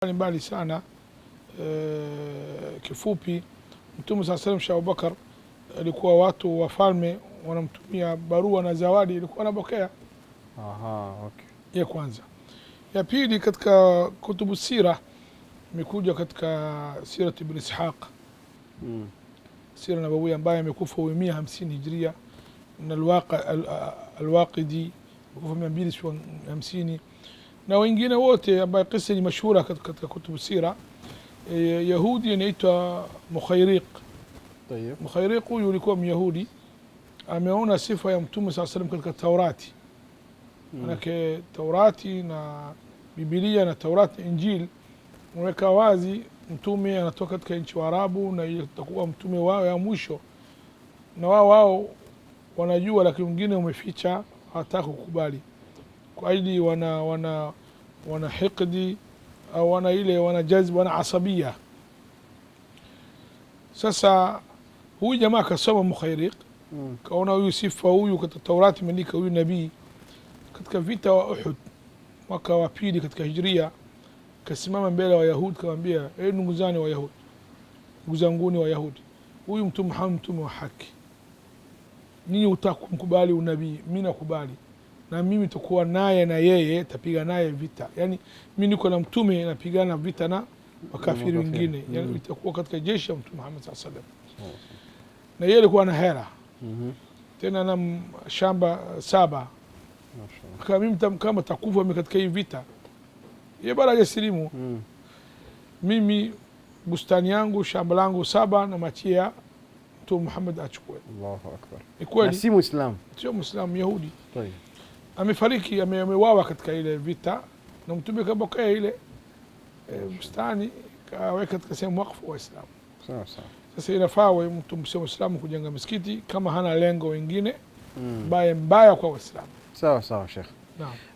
mbalimbali sana e, kifupi Mtume saa salam sha Abubakar alikuwa watu wafalme wanamtumia barua na zawadi ilikuwa anapokea. Aha, okay. Ya kwanza ya pili, katika kutubu sira imekuja katika sirat Ibn Ishaq mm. sira nabawia ambaye amekufa mia hamsini hijria na Alwaqidi amekufa mia mbili hamsini na wengine wote, ambaye kisa ni mashhura katika kutubu sira. E, Yahudi anaitwa Mukhairiq. Mukhairiq huyu ulikuwa Myahudi, ameona sifa ya Mtume saa salam katika Taurati, hmm. manake Taurati na Bibilia na Taurati na injil unaweka wazi mtume anatoka katika nchi wa Arabu na takuwa mtume wao ya mwisho, na wao wao wanajua, lakini wengine umeficha hawataka kukubali aidi wana wana wana hikdi au wana ile wana jazba wana asabia. Sasa huyu jamaa kasoma Mukhairiq mm. kaona huyu sifa huyu katika Taurati imeandika huyu nabii katika vita wa Uhud mwaka wa pili katika Hijria, kasimama mbele wa Yahudi kawaambia, e ee ndugu zani wa Yahudi, ndugu zanguni wa huyu mtume Muhammad mtume wa haki, ninyi utakumkubali unabii? Mimi nakubali na mimi takuwa naye na yeye tapiga naye vita. Yani mimi niko na mtume napigana vita na makafiri wengine, yani mm-hmm. itakuwa katika jeshi ya Mtume Muhammad sallallahu alaihi wasallam. Na yeye alikuwa na hera mm-hmm. tena na shamba uh, saba, kama mimi kama takufa mimi katika hii vita, yeye bado hajasilimu. Mm. Mimi bustani yangu shamba langu saba machia Mtume Muhammad achukue. Allahu akbar. Ni kweli, si Muislamu, sio Muislamu, Yahudi. Tayeb amefariki amewawa katika ile vita, na mtume kabokea ile bustani e, kaweka katika sehemu wakfu Waislamu. Sawa Sasa inafaa mtu Muislamu kujenga msikiti kama hana lengo wengine mm, mbaya mbaya kwa Waislamu. Sawa sawa Sheikh. Naam.